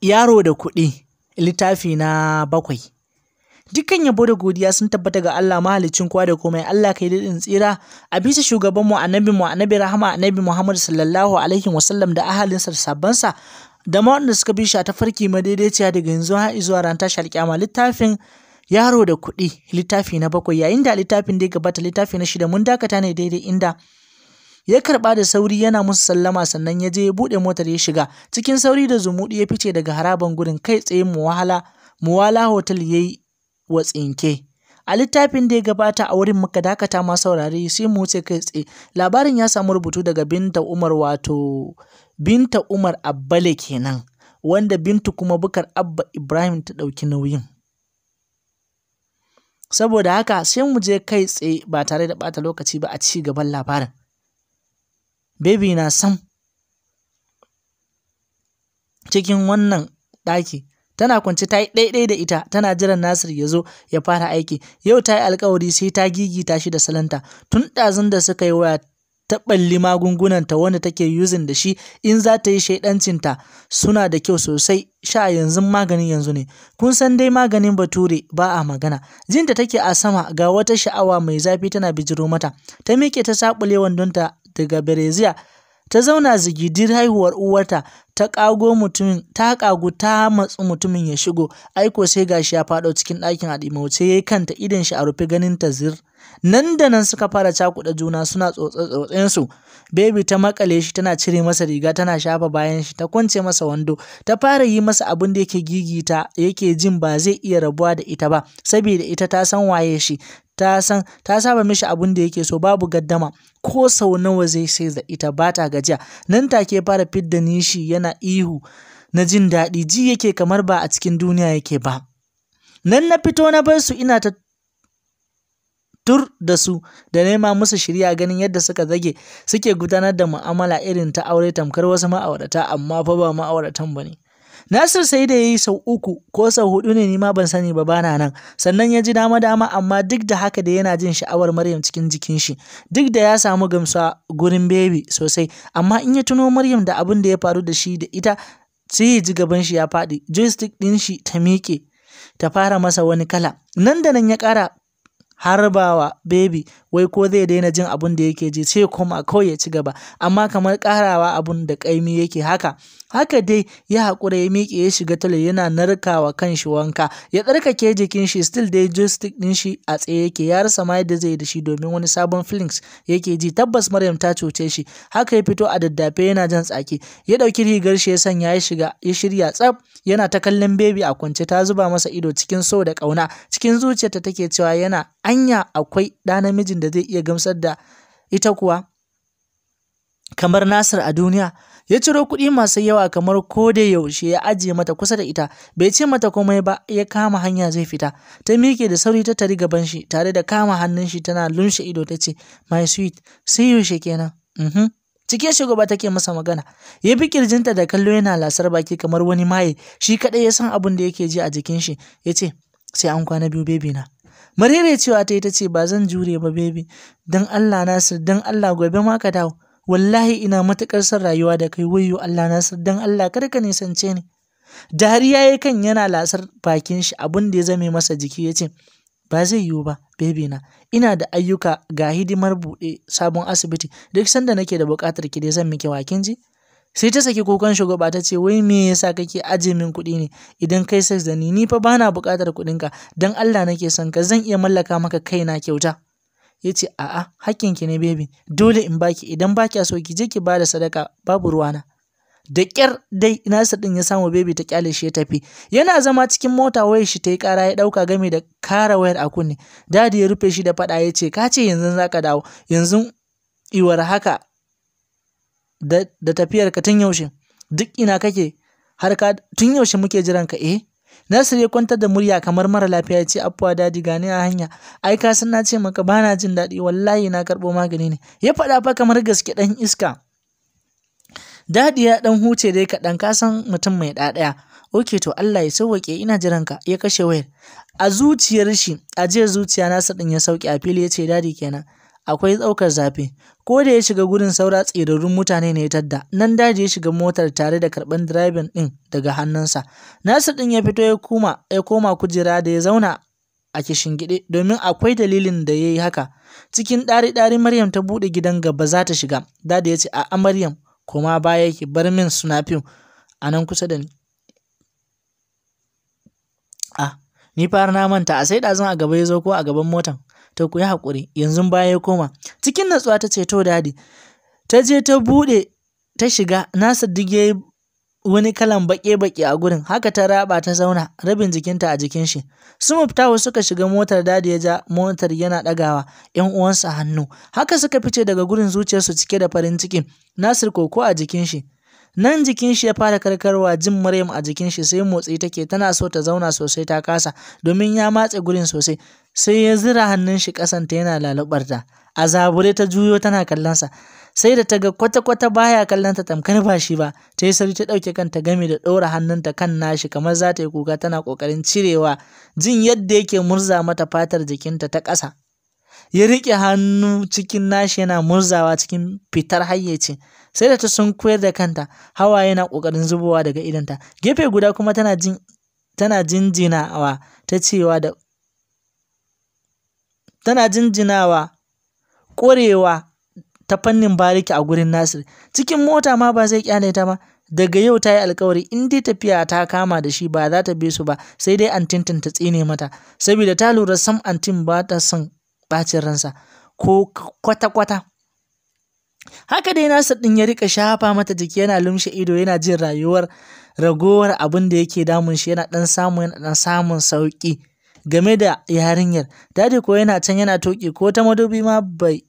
Yaro da kuɗi, littafi na bakwai. Dukkan yabo da godiya sun tabbata ga Allah mahaliccin kowa da komai Allah kai daɗin tsira a bisa shugaban mu annabi mu annabi rahama annabi Muhammad sallallahu alaihi wasallam da ahalinsa da sa da ma wanda suka bi shi ta farki madaidaiciya daga yanzu har zuwa ran tashar kyama littafin yaro da kuɗi littafi na bakwai yayin da littafin da ya gabata littafi na shida mun dakata ne daidai inda ya karɓa da sauri yana musu sallama sannan ya je ya buɗe motar ya shiga cikin sauri da zumuɗi ya fice daga haraban gurin kai tsaye muwahala muwala hotel ya yi wa tsinke a littafin da ya gabata a wurin muka dakata ma saurare sai mu wuce kai tsaye labarin ya samu rubutu daga binta umar wato binta umar abbale kenan wanda bintu kuma bukar abba ibrahim ta ɗauki nauyin saboda haka sai mu je kai tsaye ba tare da bata lokaci ba a ci gaban labarin Baby na sam cikin wannan ɗaki tana kwance ta yi ɗaiɗai da ita tana jiran Nasir ya zo ya fara aiki yau ta yi alkawari sai ta gigita shi da salanta tun ɗazun da suka yi waya ta ɓalli magungunanta wanda take using da shi in za ta yi shaidancinta suna da kyau sosai sha yanzu maganin yanzu ne kun san dai maganin bature ba a magana jinta take a sama ga wata sha'awa mai zafi tana bijiro mata ta miƙe ta saɓule wandonta daga bereziya ta zauna zigidir haihuwar uwarta ta kago mutumin ta kagu ta matsu mutumin ya shigo aiko sai gashi ya faɗo cikin ɗakin a ɗimauce yayi kanta idan shi a rufe ganin ta zir nan da nan suka fara cakuɗa juna suna tsotse bebi baby ta makale shi tana cire masa riga tana shafa bayan shi ta kwance masa wando ta fara yi masa abin da yake gigita yake jin ba zai iya rabuwa da ita ba saboda ita ta san waye shi ta san ta saba mishi abin da yake so babu gaddama ko sau nawa zai sai da ita ba ta gajiya nan take fara fidda nishi yana ihu na jin daɗi ji yake kamar ba a cikin duniya yake ba nan na fito na bar su ina ta tur da su da nema musu shirya ganin yadda suka zage suke gudanar da mu'amala irin ta aure tamkar wasu ma'aurata amma fa ba ma'auratan bane ne. Nasir sai da yayi sau uku ko sau hudu ne nima ban sani ba bana nan sannan ya ji dama dama amma duk da haka da yana jin sha'awar Maryam cikin jikin shi duk da ya samu gamsuwa gurin baby sosai amma in ya tuno Maryam da abin da ya faru da shi da ita sai ya ji gaban shi ya faɗi joystick din shi ta miƙe ta fara masa wani kala nan da nan ya kara. harba wa Babe wai ko zai daina jin abun da yake ji sai kuma kawai ya ci gaba amma kamar karawa abun da kaimi yake haka haka dai ya haƙura ya miƙe ya shiga talo yana narkawa kan shi wanka ya tsarkake jikin shi still dai joystick ɗin shi a tsaye yake ya rasa ma yadda zai da shi domin wani sabon feelings yake ji tabbas Maryam ta cuce shi haka ya fito a daddafe yana jan tsaki ya ɗauki rigar shi ya sanya ya shiga ya shirya tsaf yana ta kallon baby a kwance ta zuba masa ido cikin so da ƙauna cikin zuciyarta take cewa yana anya akwai ɗa namijin da zai iya gamsar da ita kuwa kamar Nasir a duniya ya ciro kuɗi masu yawa kamar ko da yaushe ya ajiye mata kusa da ita bai ce mata komai ba ya kama hanya zai fita ta miƙe da sauri ta tari gaban shi tare da kama hannun shi tana lunshe ido ta ce my sweet sai yaushe kenan mhm cikin shugaba take masa magana ya bi kirjinta da kallo yana lasar baki kamar wani maye shi kaɗai ya san abin da yake ji a jikin shi ya ce sai an kwana biyu bebi na marere cewa ta yi ta ce ba zan jure ba baby don Allah Nasir don Allah gobe ma ka dawo wallahi ina matuƙar son rayuwa da kai wayyo Allah Nasir don Allah kar ka nisance ni dariya ya kan yana lasar bakin shi abin da ya zame masa jiki ya ce ba zai yiwu ba baby na ina da ayyuka ga hidimar buɗe sabon asibiti duk sanda nake da buƙatar ki dai zan miki wakin ji sai ta saki kukan shugaba ta ce wai me yasa kake aje min kuɗi ne idan kai sex da ni fa bana buƙatar kuɗinka dan Allah nake son ka zan iya mallaka maka kaina kyauta ya ce a'a ki ne baby dole in baki idan baki so ki je ki bada sadaka babu ruwana da ƙyar dai nasa ɗin ya samu bebi ta kyale shi ya tafi yana zama cikin mota wayar shi ta yi ƙara ya ɗauka game da kara wayar a kunne dadi ya rufe shi da faɗa ya ce ka ce yanzu za ka dawo yanzu iwar haka da tafiyarka tun yaushe duk ina kake har ka tun yaushe muke jiran ka eh Nasir ya kwantar da murya kamar mara lafiya ya ce afuwa dadi gani a hanya ai ka san na ce maka bana jin daɗi wallahi na karɓo magani ne ya faɗa fa kamar gaske ɗan iska dadi ya ɗan huce dai kaɗan ka san mutum mai ɗaɗaya oke to Allah ya sauwaƙe ina jiran ka ya kashe wayar a zuciyar shi a zuciya nasa ɗin ya sauke a fili ya ce dadi kenan akwai tsaukar zafi ko da ya shiga gurin saura tsirarrun mutane ne ya tadda nan daji ya shiga motar tare da karban direban din daga hannunsa nasir din ya fito ya kuma ya koma kujera da ya zauna a gide domin akwai dalilin da ya yi haka cikin ɗari-ɗari maryam ta buɗe gidan gaba za ta shiga dada ya ce a'a maryam koma baya ki bar min sunafin a nan kusa da ni a ah, ni fara na manta a sai ɗazun a gaba ya zo ko a gaban motan ta ku yi haƙuri yanzu baya ya koma cikin natsuwa ta ceto dadi ta je ta buɗe ta shiga nasa duk wani kalan baƙe-baƙe a gurin haka ta raba ta zauna rabin jikinta a jikin shi su muftahu suka shiga motar dadi ya ja motar yana ɗagawa yan uwansa hannu haka suka fice daga gurin zuciyarsu cike da farin ciki nasir koko a jikin shi nan jikin shi ya fara karkarwa jin Maryam a jikin shi sai motsi take tana so ta zauna sosai ta kasa domin ya matse gurin sosai sai ya zira hannun shi kasanta yana lalubar ta a zabure ta juyo tana kallon sa sai da ta ga kwata-kwata baya kallon ta tamkar ba shi ba ta yi sauri ta ɗauke kanta gami da ɗora hannunta kan nashi kamar za ta yi kuka tana ƙoƙarin cirewa jin yadda yake murza mata fatar jikinta ta ƙasa ya riƙe hannu cikin nashi yana murzawa cikin fitar hayyace sai da ta sunkuyar da kanta hawaye na ƙoƙarin zubowa daga idanta gefe guda kuma tana jin tana jinjinawa ta cewa da tana jinjinawa ƙorewa ta fannin bariki a gurin Nasir cikin mota ma ba zai kyale ta ba daga yau ta yi alkawari in dai tafiya ta kama da shi ba za ta bi su ba sai dai antin ta tsine mata saboda ta lura sam antin ba ta son bacin ransa ko kwata-kwata Haka dai Nasir ɗin ya rika shafa mata jiki yana lumshe ido yana jin rayuwar ragowar abin da yake damun shi yana ɗan samun yana dan samun sauki game da yarinyar. Dadi ko yana can yana toki ko ta madubi ma bai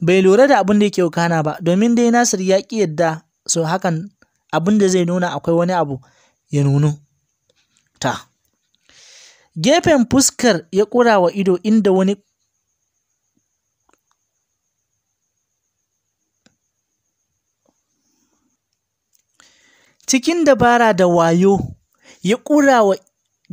bai lura da abin da yake kana ba domin dai Nasir ya ƙi yadda so hakan abin da zai nuna akwai wani abu ya nunu ta. Gefen fuskar ya kura wa ido inda wani cikin dabara da wayo ya ƙura wa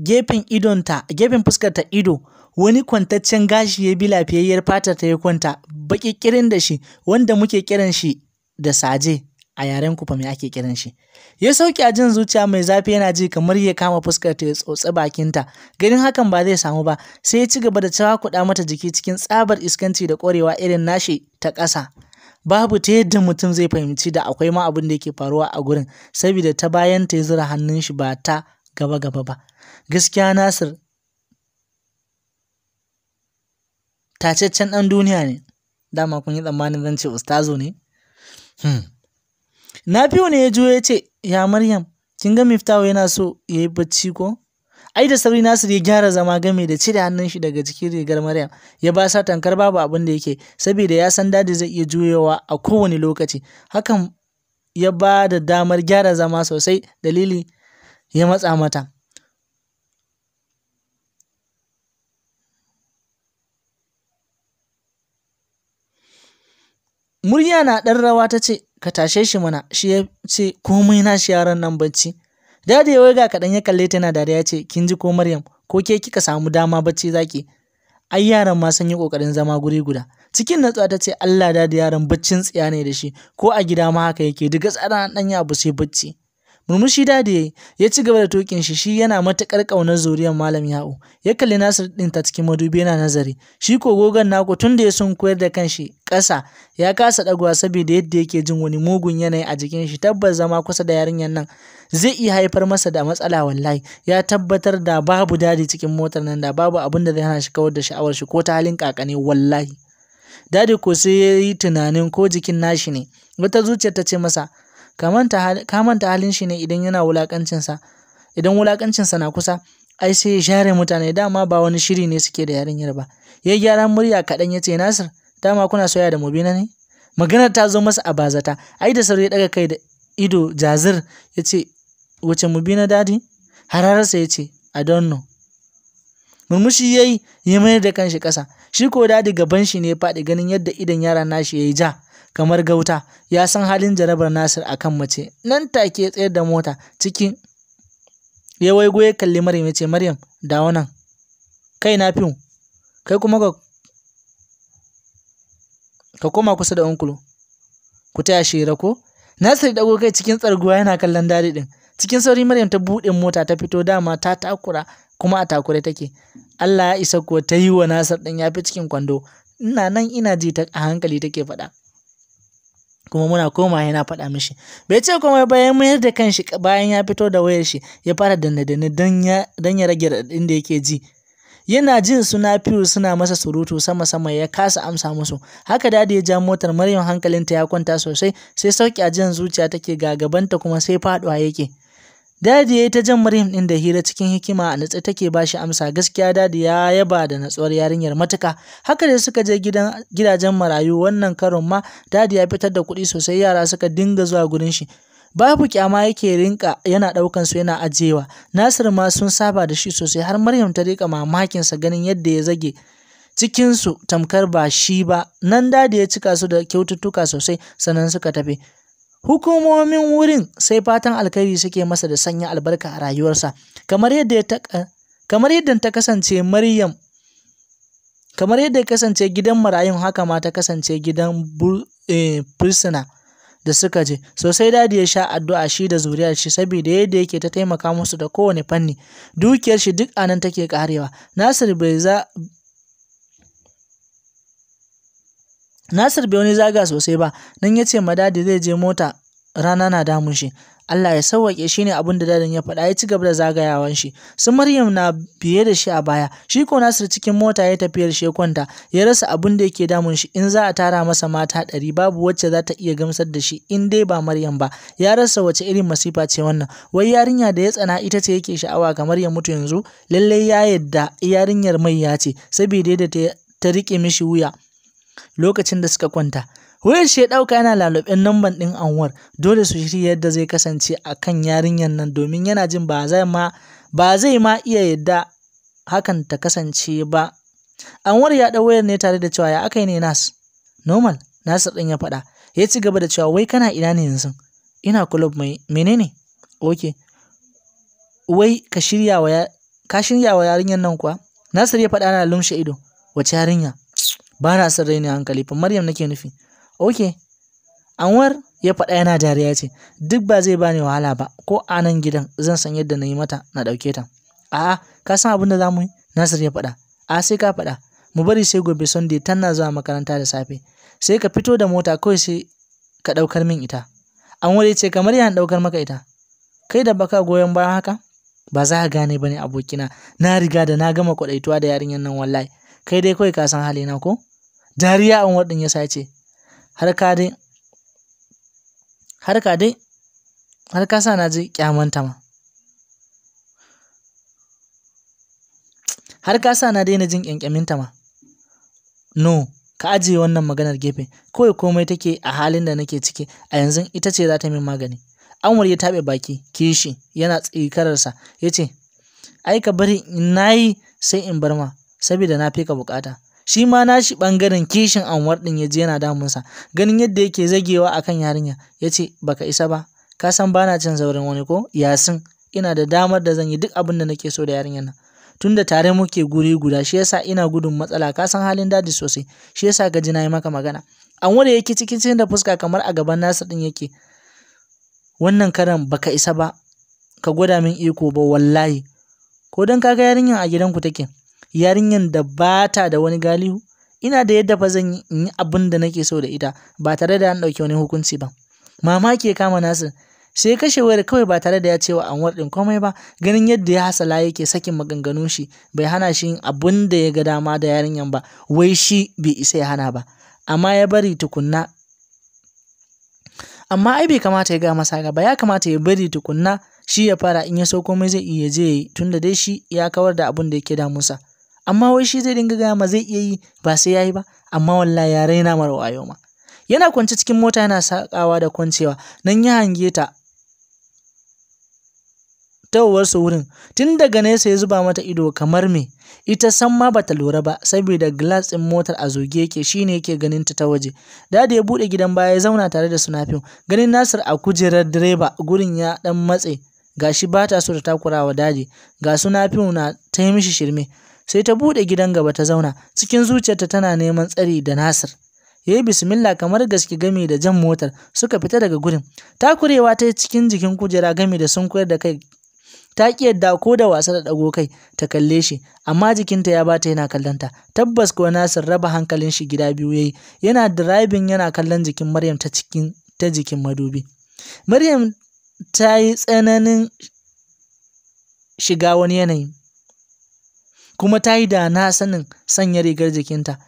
gefen idonta gefen fuskarta ido wani kwantaccen gashi ya bi lafiyayyar fatar ta ya kwanta baƙiƙirin da shi wanda muke kiran shi da saje a yaren kufa mai ake kiran shi ya sauke a jin zuciya mai zafi yana ji kamar ya kama fuskar ta ya tsotsi bakinta ganin hakan ba zai samu ba sai ya ci gaba da cewa kuɗa mata jiki cikin tsabar iskanci da ƙwarewa irin nashi ta ƙasa babu ta yadda mutum zai fahimci da akwai ma abin da yake faruwa a gurin saboda ta bayan ta zura hannun shi ba ta gaba gaba ba gaskiya nasir tacaccen ɗan duniya ne dama kun yi tsammanin zan ce ustazo ne hmm. na fi ne ya juyo ya ce ya maryam kin ga miftawo yana so ya yi bacci ko ai da sauri Nasir ya gyara zama game da cire hannun shi daga jikin rigar Maryam ya ba sa tankar babu abin da yake saboda ya san dadi zai iya juyewa a kowane lokaci hakan ya ba da damar gyara zama sosai dalili ya matsa mata murya na ɗan rawa ta ce ka tashe shi mana shi ya ce komai na shi yaran nan bacci Dadi ya waiga kaɗan ya kalle ta yana dariya ce, Kin ji ko Maryam, ko ke kika samu dama bacci zaki? Ai yaran ma sun yi ƙoƙarin zama guri guda. Cikin natsuwa ta ce, Allah dadi yaran baccin tsiya ne da shi, ko a gida ma haka yake, duka tsara ɗan ya abu sai bacci. murmushi dadi ya ci gaba da tokin shi shi yana matakar kaunar zuriyar malam ya'u ya kalli nasir din ta cikin madubi yana nazari shi ko gogan naku. tun da ya sun koyar da kanshi ƙasa ya kasa ɗagowa saboda yadda yake jin wani mugun yanayi a jikin shi tabbas zama kusa da yarinyar nan zai iya haifar masa da matsala wallahi ya tabbatar da babu dadi cikin motar nan da babu abin da zai hana shi kawar da sha'awar shi ko ta halin kakane wallahi dadi ko sai ya yi tunanin ko jikin nashi ne wata zuciyar ta ce masa ka manta halin shi ne idan yana wulaƙancinsa idan wulaƙancinsa na kusa ai sai ya share mutane dama ba wani shiri ne suke da yarinyar ba ya gyaran murya kaɗan ya ce nasir dama kuna soya da mubina ne maganar ta zo masa a bazata ai da sauri ya ɗaga kai da ido jazir ya ce wace mubina dadi hararsa ya ce i don't know murmushi ya yi ya mayar da kanshi ƙasa shi ko dadi gaban shi ne ya faɗi ganin yadda idon yaran nashi ya yi ja kamar gauta ya san halin jarabar nasir a kan mace nan take tsayar da mota cikin ya waigo kalli maryam ya ce maryam dawo nan kai na fiw kai kuma ka koma kusa da unkulu ku taya shira ko nasir da kai cikin tsarguwa yana kallon dadi din cikin sauri maryam ta buɗe mota ta fito dama ta takura kuma a takure take allah ya isa kuwa ta yi wa nasir din ya fi cikin kwando ina nan ina ji ta a hankali take faɗa kuma muna koma yana faɗa mishi bai ce komai ba ya mayar da kanshi bayan ya fito da wayar shi ya fara danne-danne dan ya rage raɗaɗin da yake ji yana jin suna fiyu suna masa surutu sama-sama ya kasa amsa musu haka dadi ya ja motar maryam hankalinta ya kwanta sosai sai sauki a jin zuciya take gagabanta kuma sai faɗuwa yake Dadi ya yi ta jan Maryam ɗin da hira cikin hikima a natsa take ba shi amsa gaskiya dadi ya yaba da natsuwar yarinyar matuka. Haka da suka je gidan gidajen marayu wannan karon ma dadi ya fitar da kuɗi sosai yara suka dinga zuwa gurin shi. Babu kyama yake rinka yana ɗaukan su yana ajiyewa. Nasir ma sun saba da shi sosai har Maryam ta rika mamakin sa ganin yadda ya zage. Cikinsu tamkar ba shi ba, nan dadi ya cika su da kyaututtuka sosai sannan suka tafi. Hukumomin wurin sai fatan alkhairi suke masa da sanya albarka a rayuwarsa, kamar yadda ta kasance Maryam kamar yadda ya kasance gidan marayun haka ma ta kasance gidan fursuna eh, da suka je sosai dadi ya sha addu'a shi da zuriyar shi saboda yadda yake ta taimaka musu da kowane fanni dukiyar shi duk anan take karewa nasir bai Nasir bai wani zaga sosai ba, nan ya ce ma dadi zai je mota rana na damun shi. Allah ya sauwaƙe shi ne abin da dadin ya faɗa ya ci gaba da zagayawan shi. Su Maryam na biye da shi a baya. Shi ko Nasir cikin mota ya tafiyar shi ya kwanta, ya rasa abin da yake damun shi in za a tara masa mata ɗari babu wacce za ta iya gamsar da shi in dai ba Maryam ba. Ya rasa wace irin masifa ce wannan. Wai yarinya da ya tsana ita ce yake sha'awa kamar ya mutu yanzu? Lallai ya yadda yarinyar mai ya ce, saboda da ta riƙe mishi wuya. lokacin da suka kwanta wayar shi ya ɗauka yana lalubin namban ɗin anwar dole su shirya yadda zai kasance a kan yarinyar nan domin yana jin ba zai ma ba zai ma iya yadda hakan ta kasance ba anwar ya ɗau wayar ne tare da cewa ya aka yi ne nas normal nasir ɗin ya faɗa ya ci gaba da cewa wai kana ina ne yanzu ina club mai menene ok wai ka shirya wa yarinyar nan kuwa nasir ya faɗa na lumshe ido wace yarinya ba na son raini hankali fa Maryam nake nufi okay Anwar ya faɗa yana dariya ce duk ba zai bani wahala ba ko a nan gidan zan san yadda na yi mata na ɗauke ta a'a ka san abin da za mu yi Nasir ya faɗa a sai ka faɗa mu bari sai gobe Sunday tana zuwa makaranta da safe sai ka fito da mota kawai sai ka ɗaukar min ita Anwar ya ce kamar yana ɗaukar maka ita kai da baka goyon bayan haka ba za ka gane ba ne, abokina na riga da na gama kwaɗaituwa da yarinyar nan wallahi kai dai kawai ka san halina ko dariya an waɗin ya sace har ka dai har ka dai har ka sa na ji kyamanta ma har ka sa na daina jin kyankyaminta ma no ka ajiye wannan maganar gefe kawai komai take a halin da nake ciki a yanzu ita ce za ta min magani anwar ya taɓe baki kishi yana tsikararsa ya ce ai ka bari na yi sai in bar ma saboda na fi ka bukata shi ma nashi bangaren kishin anwar din ya ji yana damunsa ganin yadda yake zagewa akan yarinya ya ce baka isa ba ka san bana cin zauren wani ko yasin ina da damar da zan yi duk abin da nake so da yarinyar nan tunda tare muke guri guda shi yasa ina gudun matsala ka san halin dadi sosai shi yasa gaji na yi maka magana anwar yake cikin cikin da fuska kamar a gaban nasa din yake wannan karan baka isa ba ka gwada min iko ba wallahi ko don kaga yarinyar a gidanku take yarinyar da ba ta da wani galihu ina da yadda ba zan yi in yi abin da nake so da ita ba tare da an ɗauki wani hukunci ba mamaki ya kama nasir sai kashe wayar kawai ba tare da ya cewa anwar ɗin komai ba ganin yadda ya hasala yake sakin maganganun shi bai hana shi yin abin da ya ga dama da yarinyan ba wai shi bai isa ya hana ba amma ya bari tukunna amma ai bai kamata ya ga masa ba ya kamata ya bari tukunna shi ya fara in ya so komai zai iya je tunda dai shi ya kawar da abin da yake damunsa. amma wai shi zai dinga gaya ma zai iya yi ba sai yayi ba amma wallahi ya raina mara wayo ma yana kwance cikin mota yana sakawa da kwancewa nan ya hange ta su wurin tun daga nesa ya zuba mata ido kamar me ita san ma bata lura ba saboda glass din motar a zoge yake shine yake ganin ta ta waje dadi ya bude gidan baya ya zauna tare da sunafin ganin nasir a kujerar direba gurin ya dan matse gashi bata so ta takurawa wa daji ga sunafin na ta mishi shirme sai ta buɗe gidan gaba ta zauna cikin zuciyarta tana neman tsari da Nasir ya yi bismillah kamar gaske gami da jan motar suka fita daga gurin takurewa ta yi cikin jikin kujera gami da sun koyar da kai ta ki yadda ko da wasa da dago kai ta kalle shi amma jikinta ya bata yana kallon ta tabbas ko Nasir raba hankalin shi gida biyu yayi yana driving yana kallon jikin Maryam ta cikin ta jikin madubi Maryam ta yi tsananin shiga wani yanayi kuma ta yi da na sanin sanya rigar jikinta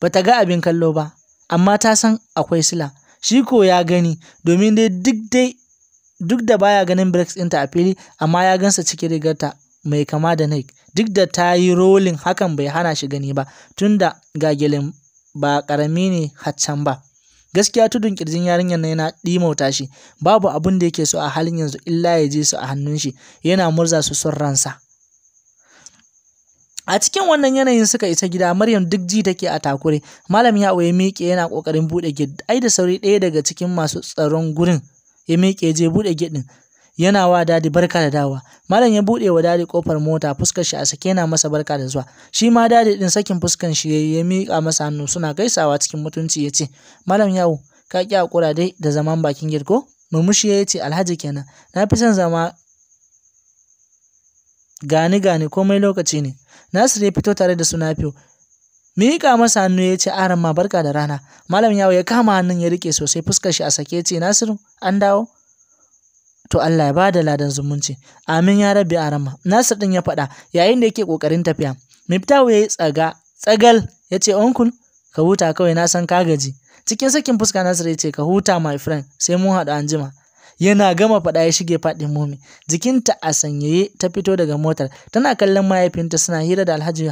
ba ta ga abin kallo ba amma ta san akwai sila shi ko ya gani domin dai duk dai duk da baya ganin breaks ɗinta a fili amma ya gansa cikin rigarta mai kama da Nike duk da ta yi rolling hakan bai hana shi gani ba tunda gagelin ba ƙarami ne haccan ba gaskiya tudun kirjin yarinyar na yana ɗimauta shi babu abun da yake so a halin yanzu illa ya je su a hannun shi yana murza su son ransa a cikin wannan yanayin suka isa gida maryam duk ji take a takure malam Ya'u ya miƙe yana ƙoƙarin buɗe gid ai da sauri ɗaya daga cikin masu tsaron gurin ya miƙe je buɗe gid ɗin yana wa dadi barka da dawa malam ya buɗe wa dadi kofar mota fuskar shi a sake yana masa barka da zuwa shi ma dadi din sakin fuskan shi ya miƙa masa hannu suna gaisawa cikin mutunci ya ce malam yawo ka ki hakura dai da zaman bakin gid ko murmushi ya ce alhaji kenan na fi son zama gani gani komai lokaci ne Nasir ya fito tare da su Nafi'u. Miƙa masa hannu ya ce aran ma barka da rana. Malam yawo ya kama hannun ya rike sosai fuskar shi a sake ya ce Nasiru an dawo. To Allah ya bada ladan zumunci. Amin ya rabbi Aram ma. Nasir din ya faɗa yayin da yake ƙoƙarin tafiya. Miftahu ya yi tsaga tsagal ya ce onkul ka huta kawai na san ka gaji. Cikin sakin fuska Nasir ya ce ka huta my friend sai mun haɗu anjima. yana gama faɗa ya shige faɗin momi jikinta a sanyaye ta fito daga motar tana kallon mahaifinta suna hira da alhaji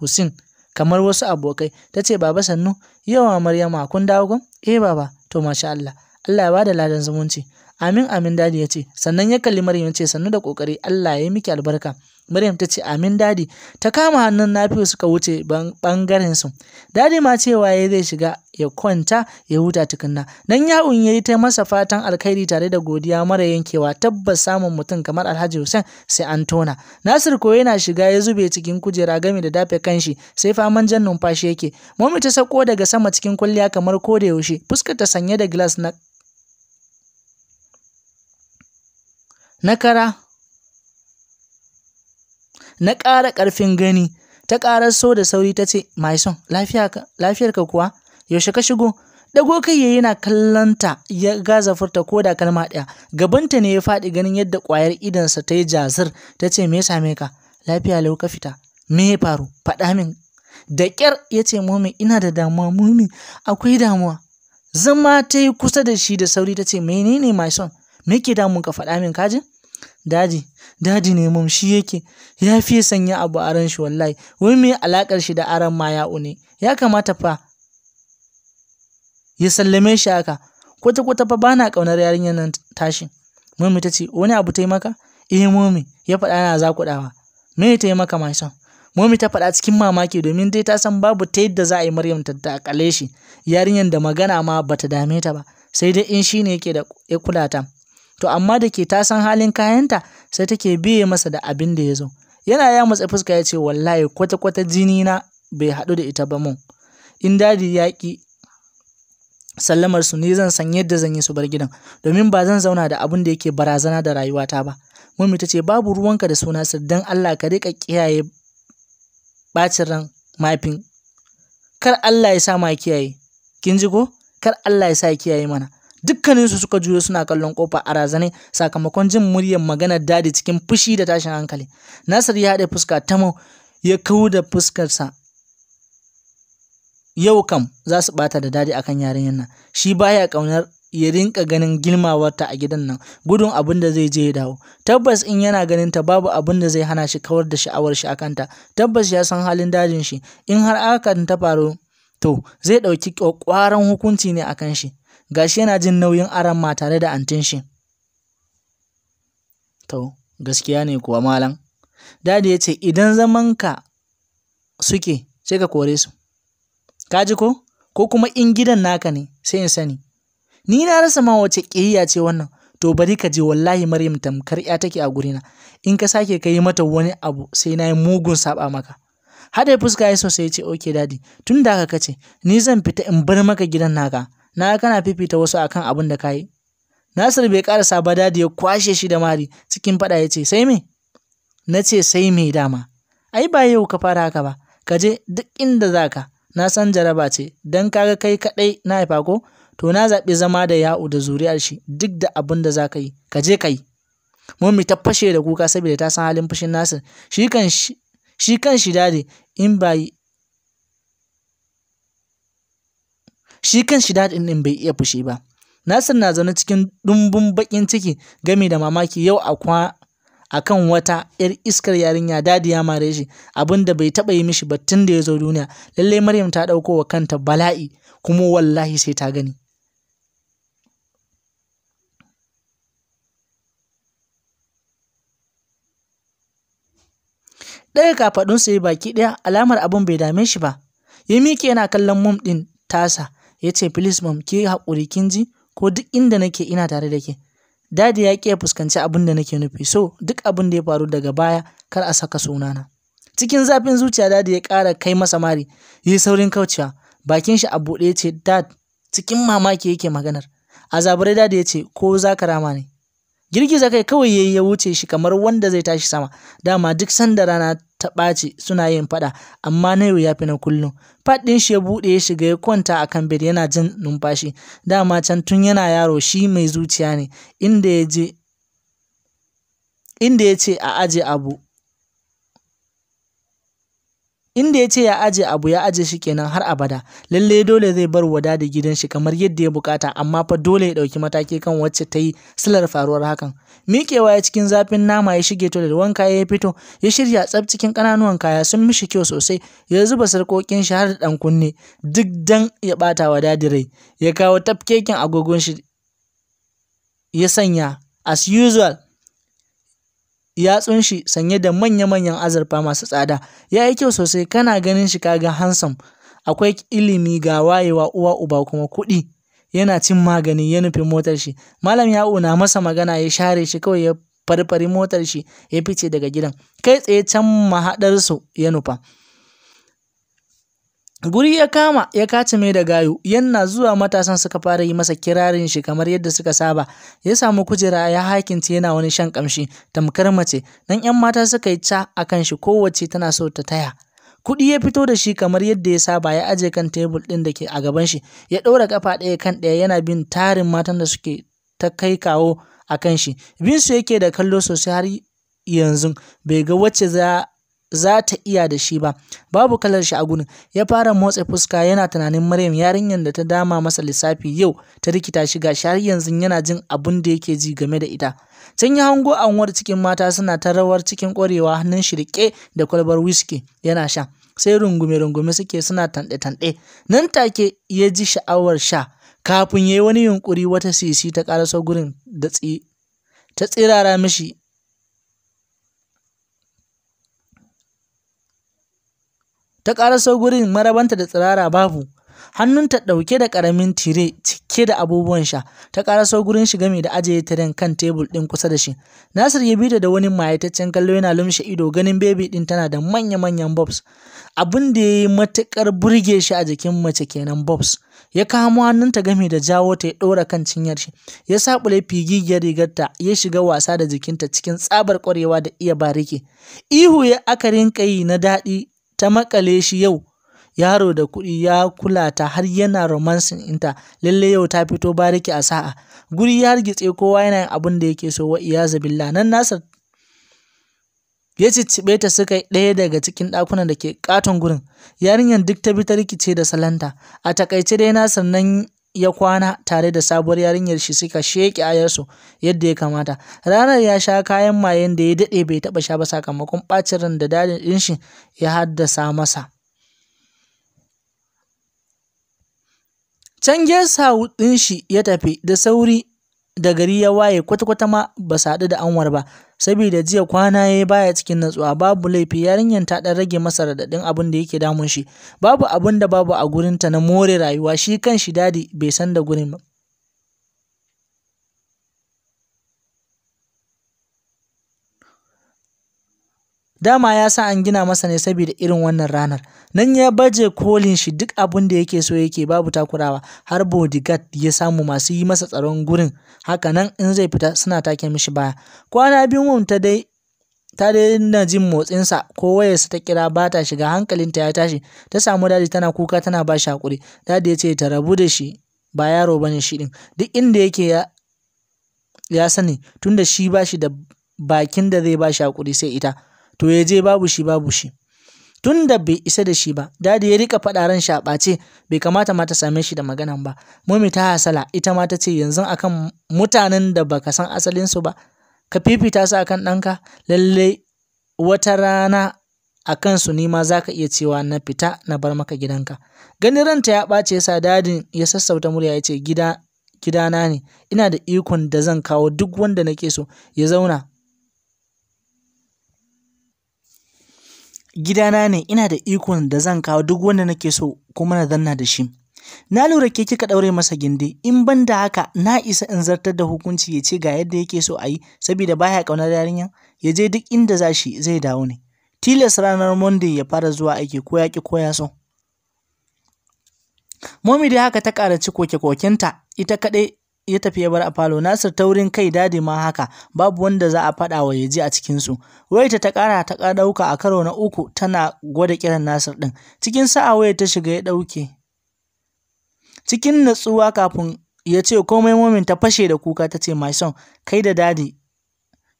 hussein kamar wasu abokai ta ce baba sannu yawa maryama kun dawo gwam eh baba to masha allah allah ya bada ladan zumunci amin amin dadi ya ce sannan ya kalli maryam ce sannu da kokari allah ya yi miki albarka Maryam ta ce amin dadi ta kama hannun Nafi'u suka wuce bangaren su. Dadi ma cewa ya zai shiga ya kwanta ya huta tukunna. Dan ya yayi ta masa fatan alkhairi tare da godiya mara yankewa tabbas samun mutum kamar Alhaji Hussein sai an tona. Nasir ko yana shiga ya zube cikin kujera game da dafe kanshi sai faman jan numfashi yake. Mami ta sako daga sama cikin kwalliya kamar ko da yaushe fuskar ta sanye da glass na na na ƙara ƙarfin gani ta ƙarar so da sauri ta ce my son lafiyarka kuwa yaushe ka shigo dago kai ya yana kallonta ya gaza furta ko da kalma ɗaya gabanta ne ya faɗi ganin yadda ƙwayar idansa ta yi jazir ta ce me ya same ka lafiya lau ka fita me ya faru faɗa min da ƙyar ya ce momi ina da damuwa momi akwai damuwa zama ta yi kusa da shi da sauri ta ce menene my son me ke damun ka faɗa min kajin Daji, daji ne mum shi yake. Ya fiye sanya abu a ran shi wallahi. Wai me alakar shi da aron ya une Ya kamata fa ya sallame shi haka. Kwata-kwata fa bana ƙaunar yarinyar nan tashi. Mummy ta ce, wani abu ta yi maka? Eh mummy, ya faɗa yana dawa Me ta yi maka mai son? Mummy ta faɗa cikin mamaki domin dai ta san babu ta yadda za a yi Maryam ta takale shi. Yarinyar da magana ma bata dame ta ba. Sai dai in shi ne yake da ya kula to amma da ke ta san halin kayanta sai take biye masa da abin da ya zo yana ya matsa fuska ya ce wallahi kwata kwata jini na bai haɗu da ita ba mun in dadi ya ki sallamar su ne zan san yadda zan yi su bar gidan domin ba zan zauna da abin da yake barazana da rayuwata ba mummy ta ce babu ruwanka da suna sir dan Allah ka riƙa kiyaye bacin ran mafin kar Allah ya sa ma kiyaye kin ji ko kar Allah ya sa kiyaye mana dukkaninsu suka juyo suna kallon kofa a razane sakamakon jin muryar maganar dadi cikin fushi da tashin hankali nasir ya haɗe fuska ta tamau ya kawo da fuskarsa yau kam za su bata da dadi akan yarinyar nan shi baya kaunar ya rinka ganin girmawarta a gidan nan gudun abin da zai je ya dawo tabbas in yana ganin ta babu abin da zai hana shi kawar da sha'awar shi akanta tabbas ya san halin dajin shi in har akan ta faru to zai ɗauki ƙwaƙwaran hukunci ne akan shi gashi yana jin nauyin ma tare da antin shi to gaskiya ne kuwa malam dadi ya ce idan zamanka suke sai ka kore su kaji ko ko kuma in gidan naka ne sai in sani ni na rasa ma wace ƙiyayya ce wannan to bari ka je wallahi maryam tamkar ya take a gurina in ka sake ka yi mata wani abu sai na yi mugun saba maka haɗa fuska ya sosai ya ce okay dadi tun da haka kace ni zan fita in bar maka gidan naka na kana fifita wasu akan abin da ka nasir bai karasa ba dadi ya kwashe shi da mari cikin faɗa ya ce sai me na ce sai me dama ai ba yau ka fara haka ba ka je duk inda za ka na san jaraba ce don kaga kai kaɗai na haifa ko to na zaɓi zama da ya'u da zuriyar shi duk da abin da za ka yi ka je ka yi mummi ta fashe da kuka saboda ta san halin fushin nasir shi kan shi dade in ba shi kan shi daɗin ɗin bai iya fushi ba nasir na zaune cikin ɗumbun baƙin ciki gami da mamaki yau a kwa a kan wata 'yar iskar yarinya dadi ya mare shi abin da bai taɓa yi mishi ba tun da ya zo duniya lallai maryam ta ɗauko wa kanta bala'i kuma wallahi sai ta gani ɗaya kafaɗunsa ya baki ɗaya alamar abin bai dame shi ba ya miƙe yana kallon mum ɗin tasa ya ce please mom ki haƙuri kin ji ko duk inda nake ina tare da ke dadi ya ƙi ya fuskanci abin da nake nufi so duk abin da ya faru daga baya kar a saka sunana cikin zafin zuciya dadi ya ƙara kai masa mari yi saurin kaucewa bakin shi a buɗe ya ce dad cikin mamaki yake maganar a dadi ya ce ko za ka rama ne girgiza kai kawai ya wuce shi kamar wanda zai tashi sama dama duk sanda rana ta ɓaci suna yin faɗa amma na yau ya fi na kullum ɗin shi ya buɗe ya shiga ya kwanta a kan bed yana jin numfashi dama can tun yana yaro shi mai zuciya ne inda ya inda ya ce a aje abu inda ya ce ya aje abu ya aje shi kenan har abada lalle dole zai bar wada da gidan shi kamar yadda ya bukata amma fa dole ya dauki mataki kan wacce ta yi silar faruwar hakan miƙewa ya cikin zafin nama ya shige to da wanka ya fito ya shirya tsaf cikin ƙananuwan kaya sun mishi kyau sosai ya zuba sarƙoƙin shi har da ɗan kunne duk dan ya bata wada rai ya kawo tafkekin agogon shi ya sanya as usual yatsun shi sanye da manya-manyan azurfa masu tsada ya yi kyau sosai kana ganin shi kaga hansom akwai ilimi ga wayewa uwa uba kuma kuɗi yana cin magani ya nufi motar shi malam ya na masa magana ya share shi kawai ya farfari motar shi ya fice daga gidan kai tsaye can mahaɗarsu ya nufa Guri ya kama ya kace mai da gayu yana zuwa matasan suka fara yi masa kirarin shi kamar yadda suka saba, ya samu kujera ya hakince yana wani shan kamshi, tamkar mace, nan ‘yan mata suka yi ca a kan shi kowace tana so ta taya. Kuɗi ya fito da shi kamar yadda ya saba ya aje kan tebul ɗin da ke a gaban shi, ya ɗaura kafa ɗaya kan ɗaya yana bin tarin matan da suke ta kai kawo a kan shi, bin su yake da kallo sosai har yanzu bai ga wacce za za ta iya da shi ba. Babu kalar shi a gurin. Ya fara motsa fuska yana tunanin Maryam yarinyar da ta dama masa lissafi yau ta rikita shi shi har yanzu yana jin abin da yake ji game da ita. Can yi hango anwar cikin mata suna ta rawar cikin ƙwarewa hannun shi riƙe da kwalbar wiski yana sha. Sai rungume-rungume suke suna tanɗe-tanɗe. Nan take ya ji sha'awar sha. Kafin ya yi wani yunƙuri wata sisi ta ƙaraso gurin da ta tsirara mishi ta ƙaraso gurin marabanta da tsirara babu Hannun ta ɗauke da ƙaramin tire cike da abubuwan sha ta ƙaraso gurin shiga mai da ajiye tiren kan tebul ɗin kusa da shi nasir ya bi da wani mayataccen kallo yana lumshe ido ganin bebi ɗin tana da manya-manyan bobs abin da ya yi matuƙar burge shi a jikin mace kenan bobs ya kamo ta gami da jawo ta ya ɗora kan cinyar shi ya saɓule figigiyar rigarta ya shiga wasa da jikinta cikin tsabar ƙwarewa da iya bariki ihu ya aka rinka yi na daɗi ta makale shi yau yaro da kuɗi ya kula ta har yana romansin inta lalle yau ta fito bariki a sa'a guri ya hargitse kowa yana yin abin da yake so wa iyaza billah nan nasir ya ciccibe ta suka ɗaya daga cikin ɗakunan da ke katon gurin yarinyar duk ta bi ta rikice da salanta a takaice dai nasir nan ya kwana tare da sabuwar yarinyar shi suka sheƙi ayarsu yadda ya kamata. Ranar ya sha kayan mayen da ya daɗe bai taɓa sha ba sakamakon ɓacin ran da dadin ɗin shi ya haddasa masa. Can gesa ɗin shi ya tafi da sauri da gari ya waye kwata-kwata ma ba su haɗu da Anwar ba, saboda jiya kwana ya baya cikin natsuwa babu laifi yarinyar ta ɗan rage masa raɗaɗin abin da yake damun shi, babu abin da babu a gurinta na more rayuwa shi kan shi dadi bai san da gurin ba. dama ya sa an gina masa ne saboda irin wannan ranar nan ya baje kolin shi duk abin da yake so yake babu takurawa har bodyguard ya samu masu yi masa tsaron gurin haka nan in zai fita suna take mishi baya kwana biyun wanta dai ta daina jin motsinsa ko wayarsa ta kira ba ta shiga hankalinta ya tashi ta samu dadi tana kuka tana ba shi haƙuri dadi ya ce ta rabu da shi ba yaro bane shi din duk inda yake ya ya sani tunda shi ba shi da bakin da zai ba shi haƙuri sai ita to ya je babu shi babu shi tun da bai isa da shi ba dadi ya rika faɗa ran a ɓace bai kamata ma ta same shi da maganan ba mummy ta hasala ita ma ta ce yanzu akan mutanen da baka san asalin su ba ka fifita su akan ɗanka lallai wata rana a su ni ma za ka iya cewa na fita na bar maka gidanka ganin ranta ya ɓace sa dadin ya sassauta murya ya ce gida gidana ne ina da ikon da zan kawo duk wanda nake so ya zauna gidana ne ina da ikon da zan kawo duk wanda nake so kuma na zanna da shi na lura ke kika daure masa gindi in ban da haka na isa in zartar da hukunci ya ce ga yadda yake so a yi saboda baya ƙaunar yarinya ya je duk inda zashi, zai dawo ne tilas ranar monday ya fara zuwa aiki ko ya ko ya so momi dai haka ta karaci koke-kokenta ita kaɗai ya tafi ya bar a falo Nasir taurin kai dadi ma haka babu wanda za a faɗa wa yaji a cikin su ta ƙara ta ɗauka a karo na uku tana gwada kiran Nasir din cikin sa'a waya ta shiga ya ɗauke cikin natsuwa kafin ya ce komai momin ta fashe da kuka ta ce my son kai da dadi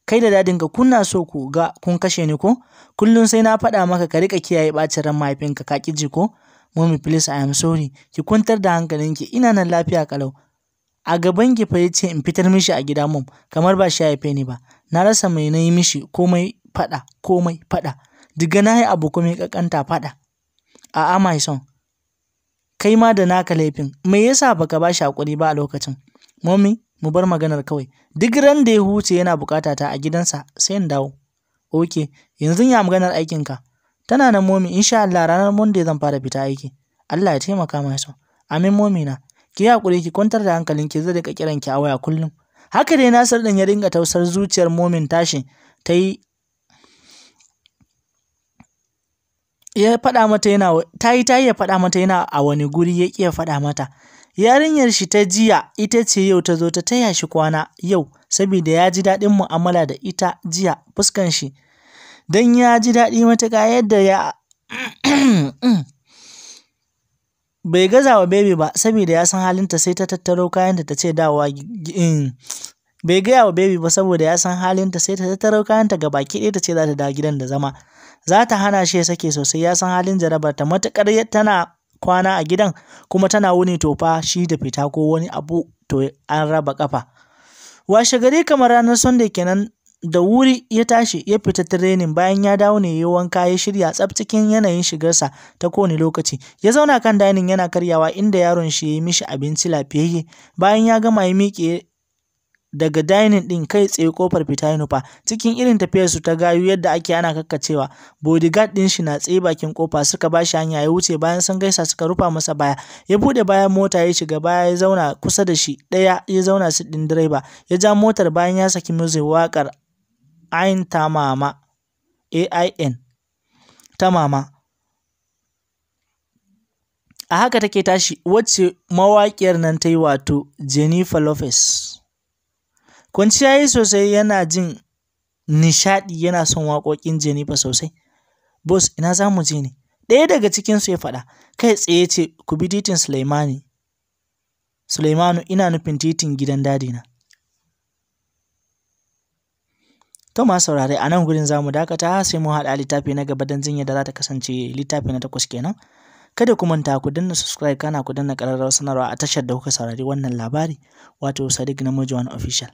kai da dadinka kuna so ku ga kun kashe ni ko kullum sai na faɗa maka ka rika kiyaye ɓacin ran mahaifinka ka ƙiji ko mommy please i am sorry ki kwantar da hankalinki ina nan lafiya kalau a gaban gifa ya yace in fitar mishi a gida mum kamar ba shi ya haife ni ba na rasa mai na yi mishi komai fada komai fada diga na yi abu kuma kakanta fada a'a my son kai ma da naka laifin me yasa baka ba shi hakuri ba a lokacin momi. mu bar maganar kawai duk ran da ya huce yana bukata ta a gidansa sai in dawo ok yanzu ya maganar aikinka tana nan momi insha Allah ranar monday zan fara fita aiki Allah ya taimaka mai so amin momi na ki hakuri ki kwantar da hankalinki zai rika kiran ki a kullum haka dai Nasir din ya ringa tausar zuciyar momin tashi ta yi ya faɗa mata yana ta yi ta ya faɗa mata yana a wani guri ya ƙi faɗa mata yarinyar shi ta jiya ita ce yau ta zo ta taya shi kwana yau saboda ya ji daɗin mu'amala da ita jiya fuskan shi don ya ji daɗi matuƙa yadda ya mm, bai gaza wa Baby ba saboda ya san halinta sai ta tattaro kayanta ta ce dawowa bai gaya wa Baby ba saboda ya san halinta sai ta tattaro kayanta ga baki ɗaya ta ce za ta dawo gidan da zama za ta hana shi ya sake sosai ya san halin jarabar ta matuƙar tana kwana a gidan kuma tana wuni tofa shi da fita ko wani abu to an raba kafa washe gari kamar ranar sunday kenan Da wuri ya tashi ya fita tirenin, bayan ya dawo ne ya wanka ya shirya tsaf cikin yanayin shigarsa ta kowane lokaci. Ya zauna kan dining yana karyawa inda yaron shi ya yi mishi abinci lafiyayye. Bayan ya gama ya miƙe daga dining din kai tsaye kofar fita ya nufa. Cikin irin tafiyar su ta gayu yadda ake ana kakkacewa, bodyguard din shi na tsaye bakin kofa, suka ba shi hanya ya wuce bayan sun gaisa suka rufa masa baya. Ya bude bayan mota ya shiga baya ya zauna kusa da shi ɗaya ya zauna su direba. Ya ja motar bayan ya saki music wakar. Ain ta A-i-n ta mama, A haka take tashi wacce mawaƙiyar nan ta yi wato Jennifer Lopez. ya yi sosai yana jin nishadi yana son waƙoƙin Jennifer sosai. Boss ina za mu je ne? Ɗaya daga cikinsu ya faɗa, kai tsaye ce ku bi titin Suleimani. Suleimanu ina nufin titin gidan dadina. To masu saurare a nan gurin za mu dakata sai mu haɗa littafi na gaba don jinya da za ta kasance littafi na takwas kenan. Kada ku manta ku danna subscribe kana ku danna ƙararrawar sanarwa a tashar da kuka saurari wannan labari wato Sadiq Namojo One Official.